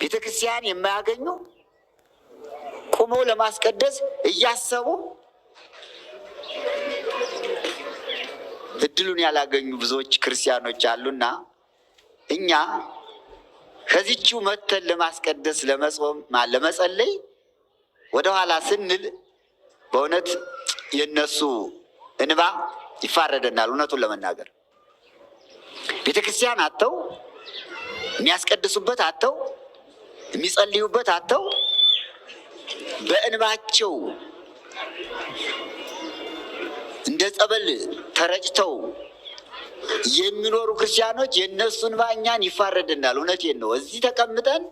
ቤተ ክርስቲያን የማያገኙ ቁሞ ለማስቀደስ እያሰቡ እድሉን ያላገኙ ብዙዎች ክርስቲያኖች አሉና እኛ ከዚችው መተን ለማስቀደስ ለመጾም ለመጸለይ ወደኋላ ስንል በእውነት የነሱ እንባ ይፋረደናል። እውነቱን ለመናገር ቤተ ክርስቲያን የሚያስቀድሱበት አተው። የሚጸልዩበት አጥተው በእንባቸው እንደ ጸበል ተረጭተው የሚኖሩ ክርስቲያኖች የእነሱ እንባ እኛን ይፋረድናል። እውነቴን ነው። እዚህ ተቀምጠን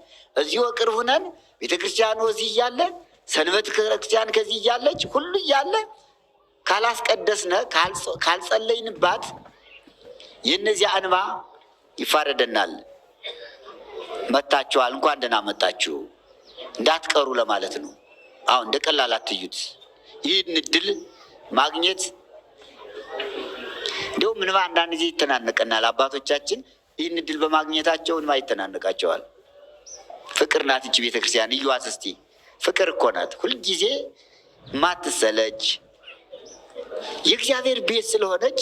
እዚህ ወቅር ሁነን ቤተ ክርስቲያኑ እዚህ እያለ ሰንበት ክርስቲያን ከዚህ እያለች ሁሉ እያለ ካላስቀደስነ ካልጸለይንባት የእነዚያ እንባ ይፋረደናል። መጥታችኋል፣ እንኳን ደህና መጣችሁ እንዳትቀሩ ለማለት ነው። አሁን እንደ ቀላል አትዩት። ይህን እድል ማግኘት እንዲሁም ምንም አንዳንድ ጊዜ ይተናነቀናል። አባቶቻችን ይህን እድል በማግኘታቸው እንባ ይተናነቃቸዋል። ፍቅር ናት እንጂ ቤተክርስቲያን እዩዋት እስቲ። ፍቅር እኮ ናት ሁልጊዜ ማትሰለች የእግዚአብሔር ቤት ስለሆነች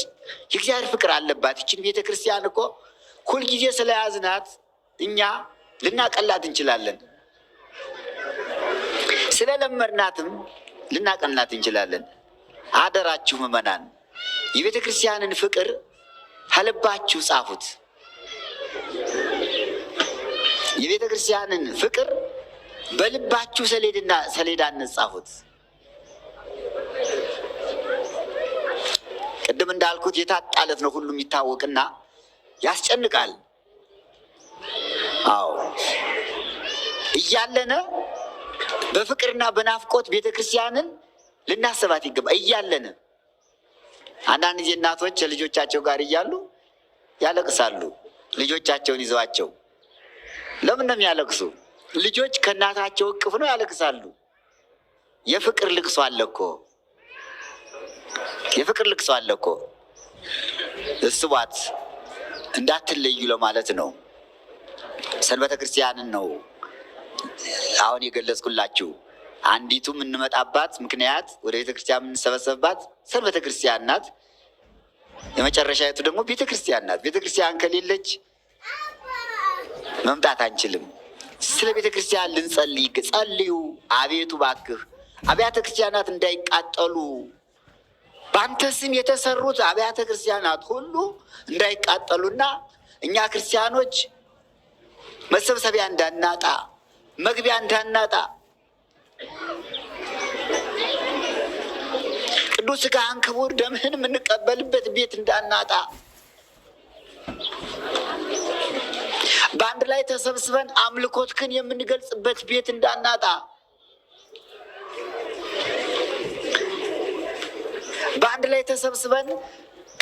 የእግዚአብሔር ፍቅር አለባት። ይችን ቤተክርስቲያን እኮ ሁልጊዜ ስለያዝናት እኛ ልናቀላት እንችላለን። ስለለመድናትም ልናቀላት እንችላለን። አደራችሁ ምዕመናን የቤተ ክርስቲያንን ፍቅር ከልባችሁ ጻፉት። የቤተ ክርስቲያንን ፍቅር በልባችሁ ሰሌድና ሰሌዳነት ጻፉት። ቅድም እንዳልኩት የታጣለት ነው ሁሉም ይታወቅና ያስጨንቃል። አዎ እያለነ በፍቅርና በናፍቆት ቤተ ክርስቲያንን ልናስባት ይገባ እያለነ አንዳንድ ጊዜ እናቶች ከልጆቻቸው ጋር እያሉ ያለቅሳሉ። ልጆቻቸውን ይዘዋቸው ለምን ነው የሚያለቅሱ? ልጆች ከእናታቸው እቅፍ ነው ያለቅሳሉ። የፍቅር ልቅሶ አለ እኮ የፍቅር ልቅሶ አለ እኮ። እስቧት እንዳትለዩ ለማለት ነው። ሰንበተ ክርስቲያንን ነው አሁን የገለጽኩላችሁ። አንዲቱ የምንመጣባት ምክንያት ወደ ቤተክርስቲያን የምንሰበሰብባት ሰንበተ ክርስቲያን ናት። የመጨረሻይቱ ደግሞ ቤተክርስቲያን ናት። ቤተክርስቲያን ከሌለች መምጣት አንችልም። ስለ ቤተክርስቲያን ልንጸልይ ጸልዩ። አቤቱ ባክህ አብያተ ክርስቲያናት እንዳይቃጠሉ በአንተ ስም የተሰሩት አብያተ ክርስቲያናት ሁሉ እንዳይቃጠሉና እኛ ክርስቲያኖች መሰብሰቢያ እንዳናጣ፣ መግቢያ እንዳናጣ ቅዱስ ሥጋህን ክቡር ደምህን የምንቀበልበት ቤት እንዳናጣ በአንድ ላይ ተሰብስበን አምልኮትክን የምንገልጽበት ቤት እንዳናጣ በአንድ ላይ ተሰብስበን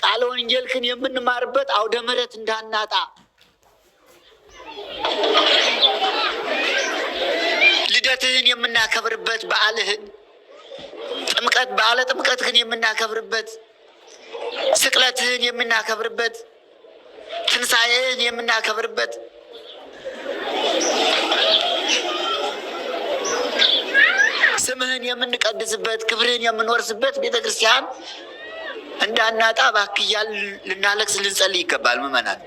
ቃለ ወንጌልክን የምንማርበት አውደ ምሕረት እንዳናጣ ልደትህን የምናከብርበት በዓልህን፣ ጥምቀት በዓለ ጥምቀትህን የምናከብርበት፣ ስቅለትህን የምናከብርበት፣ ትንሣኤህን የምናከብርበት ስምህን የምንቀድስበት ክብርህን የምንወርስበት ቤተ ክርስቲያን እንዳናጣ እባክህ እያልን ልናለቅስ ልንጸልይ ይገባል ምዕመናን።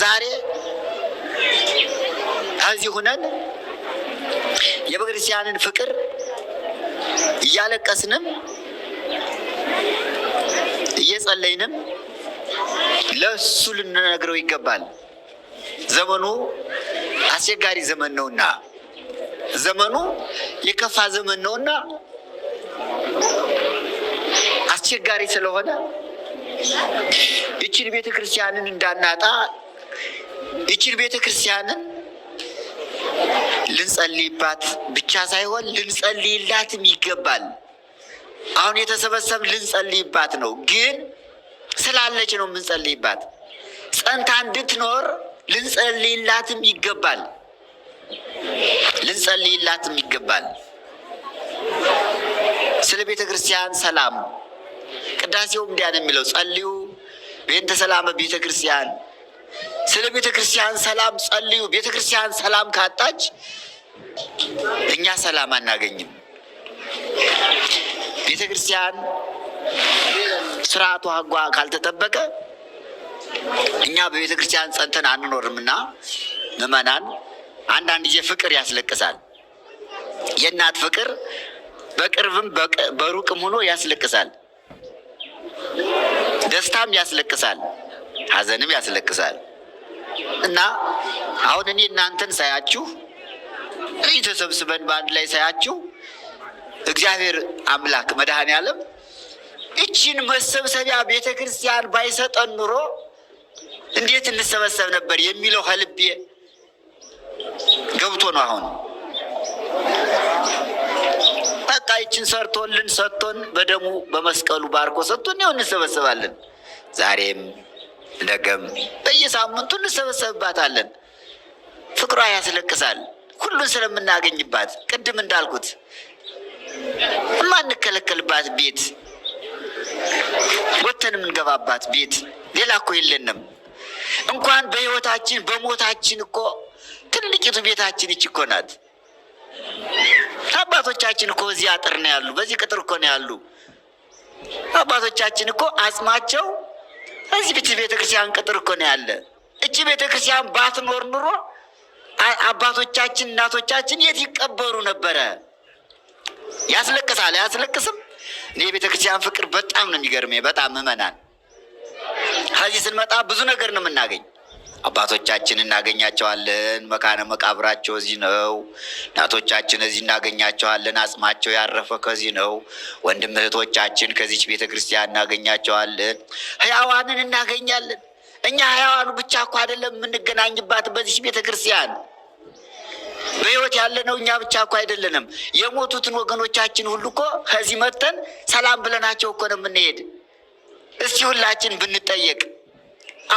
ዛሬ ከዚህ ሁነን የቤተክርስቲያንን ፍቅር እያለቀስንም እየጸለይንም ለሱ ልንነግረው ይገባል። ዘመኑ አስቸጋሪ ዘመን ነውና ዘመኑ የከፋ ዘመን ነውና አስቸጋሪ ስለሆነ እችን ቤተ ክርስቲያንን እንዳናጣ እችን ቤተ ክርስቲያንን ልንጸልይባት ብቻ ሳይሆን ልንጸልይላትም ይገባል። አሁን የተሰበሰብ ልንጸልይባት ነው፣ ግን ስላለች ነው የምንጸልይባት። ጸንታ እንድትኖር ልንጸልይላትም ይገባል ልንጸልይላትም ይገባል። ስለ ቤተ ክርስቲያን ሰላም ቅዳሴው እንዲያ ነው የሚለው ጸልዩ ቤተ ሰላመ ቤተ ክርስቲያን ስለ ቤተ ክርስቲያን ሰላም ጸልዩ። ቤተ ክርስቲያን ሰላም ካጣች እኛ ሰላም አናገኝም። ቤተ ክርስቲያን ስርዓቱ ሕጓ ካልተጠበቀ እኛ በቤተ ክርስቲያን ጸንተን አንኖርም ና ምዕመናን፣ አንዳንድ ጊዜ ፍቅር ያስለቅሳል። የእናት ፍቅር በቅርብም በሩቅም ሆኖ ያስለቅሳል። ደስታም ያስለቅሳል፣ ሀዘንም ያስለቅሳል። እና አሁን እኔ እናንተን ሳያችሁ እዚህ ተሰብስበን በአንድ ላይ ሳያችሁ እግዚአብሔር አምላክ መድኃኔ ዓለም እችን መሰብሰቢያ ቤተ ክርስቲያን ባይሰጠን ኑሮ እንዴት እንሰበሰብ ነበር የሚለው ከልቤ ገብቶ ነው አሁን ቀጣይችን ሰርቶልን ሰጥቶን በደሙ በመስቀሉ ባርኮ ሰጥቶን ያው እንሰበሰባለን። ዛሬም ነገም በየሳምንቱ እንሰበሰብባታለን። ፍቅሯ ያስለቅሳል። ሁሉን ስለምናገኝባት ቅድም እንዳልኩት የማንከለከልባት ቤት ወተን የምንገባባት ቤት ሌላ እኮ የለንም። እንኳን በህይወታችን በሞታችን እኮ ትልቂቱ ቤታችን ይች እኮ ናት። አባቶቻችን እኮ እዚህ አጥር ነው ያሉ፣ በዚህ ቅጥር እኮ ነው ያሉ። አባቶቻችን እኮ አጽማቸው እዚህ ብቻ ቤተክርስቲያን ቅጥር እኮ ነው ያለ። እቺ ቤተክርስቲያን ባትኖር ኑሮ አባቶቻችን እናቶቻችን የት ይቀበሩ ነበረ? ያስለቅሳል፣ አያስለቅስም? እኔ የቤተክርስቲያን ፍቅር በጣም ነው የሚገርመኝ። በጣም ምዕመናን ከዚህ ስንመጣ ብዙ ነገር ነው የምናገኝ። አባቶቻችን እናገኛቸዋለን። መካነ መቃብራቸው እዚህ ነው። እናቶቻችን እዚህ እናገኛቸዋለን። አጽማቸው ያረፈ ከዚህ ነው። ወንድም እህቶቻችን ከዚች ቤተ ክርስቲያን እናገኛቸዋለን። ሕያዋንን እናገኛለን። እኛ ሕያዋኑ ብቻ እኮ አይደለም የምንገናኝባት በዚች ቤተ ክርስቲያን በሕይወት ያለነው እኛ ብቻ እኮ አይደለንም። የሞቱትን ወገኖቻችን ሁሉ እኮ ከዚህ መጥተን ሰላም ብለናቸው እኮ ነው የምንሄድ። እስቲ ሁላችን ብንጠየቅ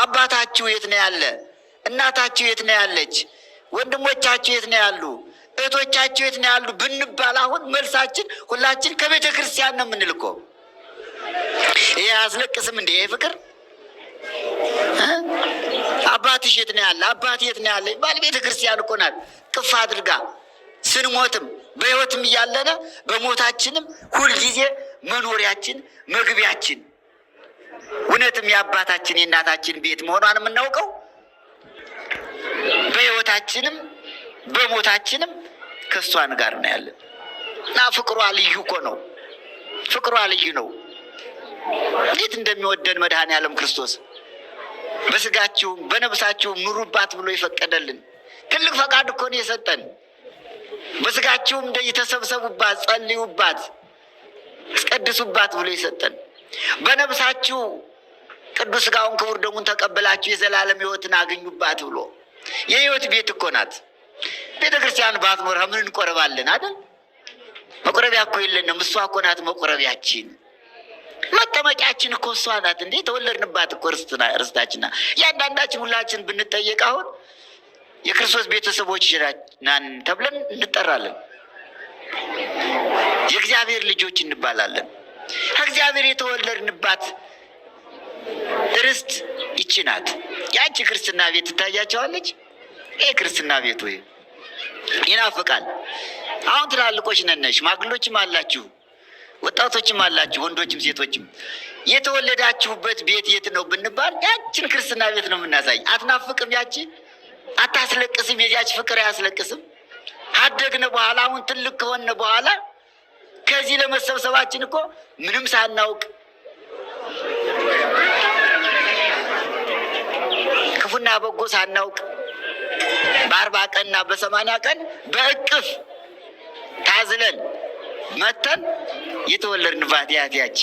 አባታችሁ የት ነው ያለ? እናታችሁ የት ነው ያለች? ወንድሞቻችሁ የት ነው ያሉ? እህቶቻችሁ የት ነው ያሉ ብንባል አሁን መልሳችን ሁላችን ከቤተ ክርስቲያን ነው የምንልኮ ይሄ አስለቅስም እንዲ ይሄ ፍቅር አባትሽ የት ነው ያለ? አባት የት ነው ያለ? ባል ቤተ ክርስቲያን እኮ ናት ቅፍ አድርጋ ስንሞትም በህይወትም እያለነ በሞታችንም ሁልጊዜ መኖሪያችን መግቢያችን እውነትም የአባታችን የእናታችን ቤት መሆኗን የምናውቀው በሕይወታችንም በሞታችንም ከእሷን ጋር ነው ያለን እና ፍቅሯ ልዩ እኮ ነው። ፍቅሯ ልዩ ነው። እንዴት እንደሚወደን መድኃኔ ዓለም ክርስቶስ በስጋችሁም በነብሳችሁም ኑሩባት ብሎ ይፈቀደልን ትልቅ ፈቃድ እኮ ነው የሰጠን። በስጋችሁም የተሰብሰቡባት ጸልዩባት፣ አስቀድሱባት ብሎ የሰጠን በነብሳችሁ ቅዱስ ሥጋውን ክቡር ደሙን ተቀብላችሁ የዘላለም ሕይወትን አገኙባት ብሎ የሕይወት ቤት እኮ ናት ቤተ ክርስቲያን። በአትሞራ ምን እንቆርባለን አይደል? መቁረቢያ እኮ የለንም። እሷ እኮ ናት መቁረቢያችን፣ መጠመቂያችን እኮ እሷ ናት። እንዴ ተወለድንባት እኮ ርስታችን። እያንዳንዳችን ሁላችን ብንጠየቅ አሁን የክርስቶስ ቤተሰቦች ናን ተብለን እንጠራለን። የእግዚአብሔር ልጆች እንባላለን። ከእግዚአብሔር የተወለድንባት ርስት ይቺ ናት። ያቺ ክርስትና ቤት ትታያቸዋለች። ይህ ክርስትና ቤት ወይ ይናፍቃል። አሁን ትላልቆች ነን፣ ሽማግሎችም አላችሁ፣ ወጣቶችም አላችሁ፣ ወንዶችም ሴቶችም። የተወለዳችሁበት ቤት የት ነው ብንባል ያችን ክርስትና ቤት ነው የምናሳይ። አትናፍቅም? ያቺ አታስለቅስም? የዚያች ፍቅር አያስለቅስም? አደግነ በኋላ አሁን ትልቅ ከሆነ በኋላ ከዚህ ለመሰብሰባችን እኮ ምንም ሳናውቅ ክፉና በጎ ሳናውቅ በአርባ ቀንና በሰማንያ ቀን በእቅፍ ታዝለን መተን የተወለድንባት ያቺ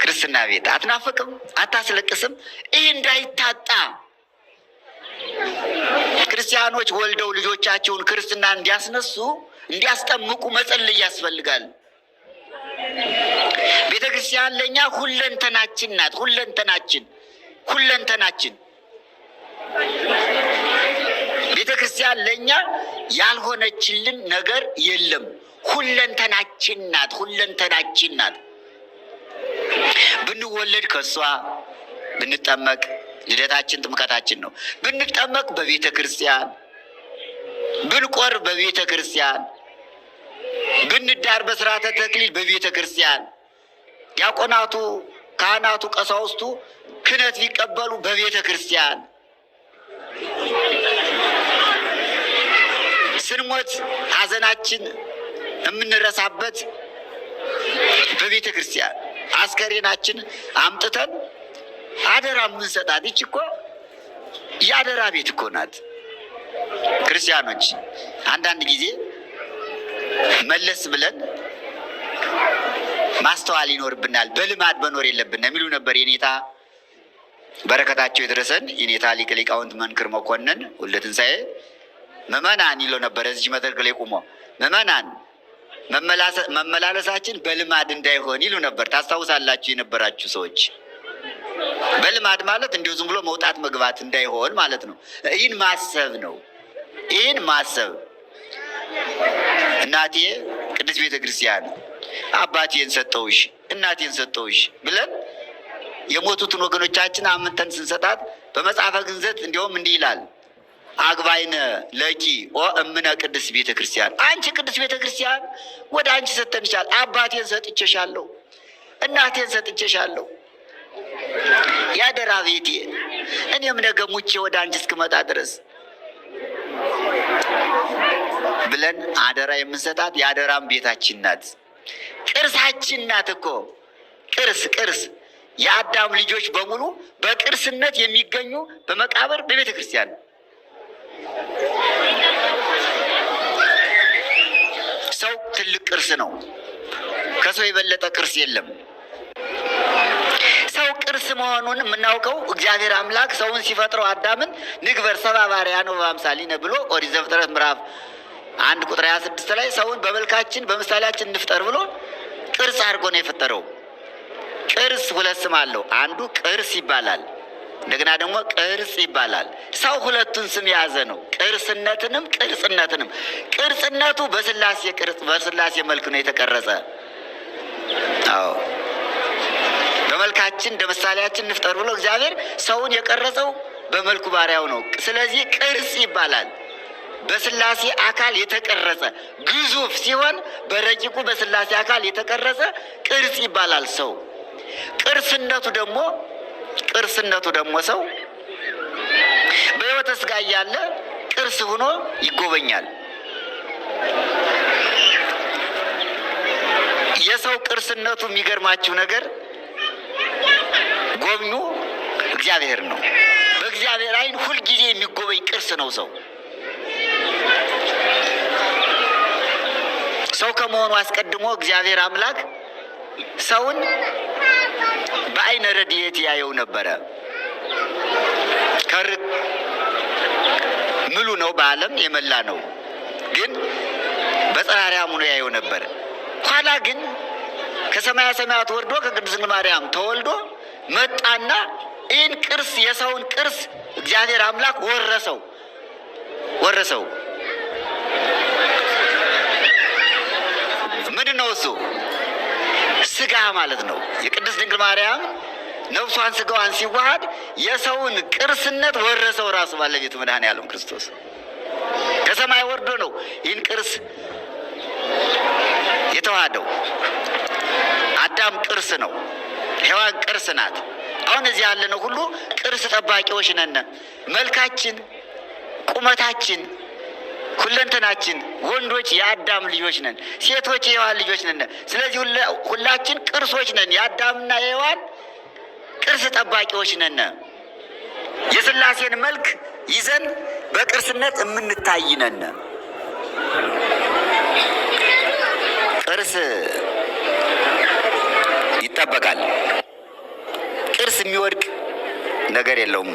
ክርስትና ቤት አትናፍቅም፣ አታስለቅስም። ይህ እንዳይታጣ ክርስቲያኖች ወልደው ልጆቻቸውን ክርስትና እንዲያስነሱ እንዲያስጠምቁ መጸለይ ያስፈልጋል። ቤተ ክርስቲያን ለእኛ ሁለንተናችን ናት። ሁለንተናችን ሁለንተናችን ቤተ ክርስቲያን ለእኛ ያልሆነችልን ነገር የለም። ሁለንተናችን ናት። ሁለንተናችን ናት። ብንወለድ ከእሷ ብንጠመቅ ልደታችን ጥምቀታችን ነው። ብንጠመቅ በቤተ ክርስቲያን፣ ብንቆር በቤተ ክርስቲያን፣ ብንዳር በስርዓተ ተክሊል በቤተ ክርስቲያን፣ ዲያቆናቱ፣ ካህናቱ፣ ቀሳውስቱ ክህነት ቢቀበሉ በቤተ ክርስቲያን ስንሞት ሐዘናችን የምንረሳበት በቤተ ክርስቲያን አስከሬናችን አምጥተን አደራ የምንሰጣት ይች እኮ የአደራ ቤት እኮ ናት። ክርስቲያኖች አንዳንድ ጊዜ መለስ ብለን ማስተዋል ይኖርብናል። በልማድ መኖር የለብን የሚሉ ነበር የኔታ በረከታቸው የደረሰን የኔታ ሊቀ ሊቃውንት መንክር መኮንን ወልደ ትንሣኤ ምዕመናን ይለው ነበረ። እዚህ መድረክ ላይ ቁሞ ምዕመናን መመላለሳችን በልማድ እንዳይሆን ይሉ ነበር። ታስታውሳላችሁ የነበራችሁ ሰዎች። በልማድ ማለት እንዲሁ ዝም ብሎ መውጣት መግባት እንዳይሆን ማለት ነው። ይህን ማሰብ ነው። ይህን ማሰብ እናቴ ቅድስት ቤተ ክርስቲያን አባቴን ሰጠውሽ እናቴን ሰጠውሽ ብለን የሞቱትን ወገኖቻችን አምንተን ስንሰጣት በመጽሐፈ ግንዘት እንዲሁም እንዲህ ይላል አግባይነ ለኪ ኦ እምነ ቅድስ ቤተ ክርስቲያን፣ አንቺ ቅዱስ ቤተ ክርስቲያን ወደ አንቺ ሰተንሻል። አባቴን ሰጥቼሻለሁ፣ እናቴን ሰጥቼሻለሁ፣ ያደራ ቤቴ እኔም ነገ ሙቼ ወደ አንቺ እስክመጣ ድረስ ብለን አደራ የምንሰጣት የአደራም ቤታችን ናት፣ ቅርሳችን ናት እኮ ቅርስ ቅርስ የአዳም ልጆች በሙሉ በቅርስነት የሚገኙ በመቃብር በቤተ ክርስቲያን ሰው ትልቅ ቅርስ ነው። ከሰው የበለጠ ቅርስ የለም። ሰው ቅርስ መሆኑን የምናውቀው እግዚአብሔር አምላክ ሰውን ሲፈጥረው አዳምን ንግበር ሰብአ በአርአያነ በአምሳሊነ ብሎ ኦሪት ዘፍጥረት ምዕራፍ አንድ ቁጥር 26 ላይ ሰውን በመልካችን በምሳሌያችን እንፍጠር ብሎ ቅርጽ አድርጎ ነው የፈጠረው። ቅርስ ሁለት ስም አለው። አንዱ ቅርስ ይባላል፣ እንደገና ደግሞ ቅርጽ ይባላል። ሰው ሁለቱን ስም የያዘ ነው፣ ቅርስነትንም ቅርጽነትንም። ቅርጽነቱ በስላሴ ቅርጽ በስላሴ መልክ ነው የተቀረጸ። አዎ በመልካችን እንደ ምሳሌያችን እንፍጠር ብሎ እግዚአብሔር ሰውን የቀረጸው በመልኩ ባሪያው ነው። ስለዚህ ቅርጽ ይባላል። በስላሴ አካል የተቀረጸ ግዙፍ ሲሆን በረቂቁ በስላሴ አካል የተቀረጸ ቅርጽ ይባላል ሰው ቅርስነቱ ደግሞ ቅርስነቱ ደግሞ ሰው በሕይወተ ሥጋ እያለ ቅርስ ሆኖ ይጎበኛል። የሰው ቅርስነቱ የሚገርማችሁ ነገር ጎብኙ እግዚአብሔር ነው። በእግዚአብሔር ዓይን ሁልጊዜ የሚጎበኝ ቅርስ ነው ሰው ሰው ከመሆኑ አስቀድሞ እግዚአብሔር አምላክ ሰውን በአይነ ረድኤት ያየው ነበረ። ከር ምሉ ነው፣ በዓለም የመላ ነው። ግን በጽርሐ አርያም ሆኖ ያየው ነበረ። ኋላ ግን ከሰማያ ሰማያት ወርዶ ከቅድስት ድንግል ማርያም ተወልዶ መጣና ይህን ቅርስ የሰውን ቅርስ እግዚአብሔር አምላክ ወረሰው ወረሰው ንስሐ ማለት ነው። የቅድስት ድንግል ማርያም ነፍሷን ስጋዋን ሲዋሃድ የሰውን ቅርስነት ወረሰው ራሱ ባለቤቱ መድኃኔዓለም ክርስቶስ ከሰማይ ወርዶ ነው ይህን ቅርስ የተዋሃደው። አዳም ቅርስ ነው፣ ሔዋን ቅርስ ናት። አሁን እዚህ ያለነው ሁሉ ቅርስ ጠባቂዎች ነን። መልካችን፣ ቁመታችን ሁለንተናችን ወንዶች የአዳም ልጆች ነን፣ ሴቶች የሔዋን ልጆች ነን። ስለዚህ ሁላችን ቅርሶች ነን፣ የአዳምና የሔዋን ቅርስ ጠባቂዎች ነን። የስላሴን መልክ ይዘን በቅርስነት የምንታይ ነን። ቅርስ ይጠበቃል። ቅርስ የሚወድቅ ነገር የለውም።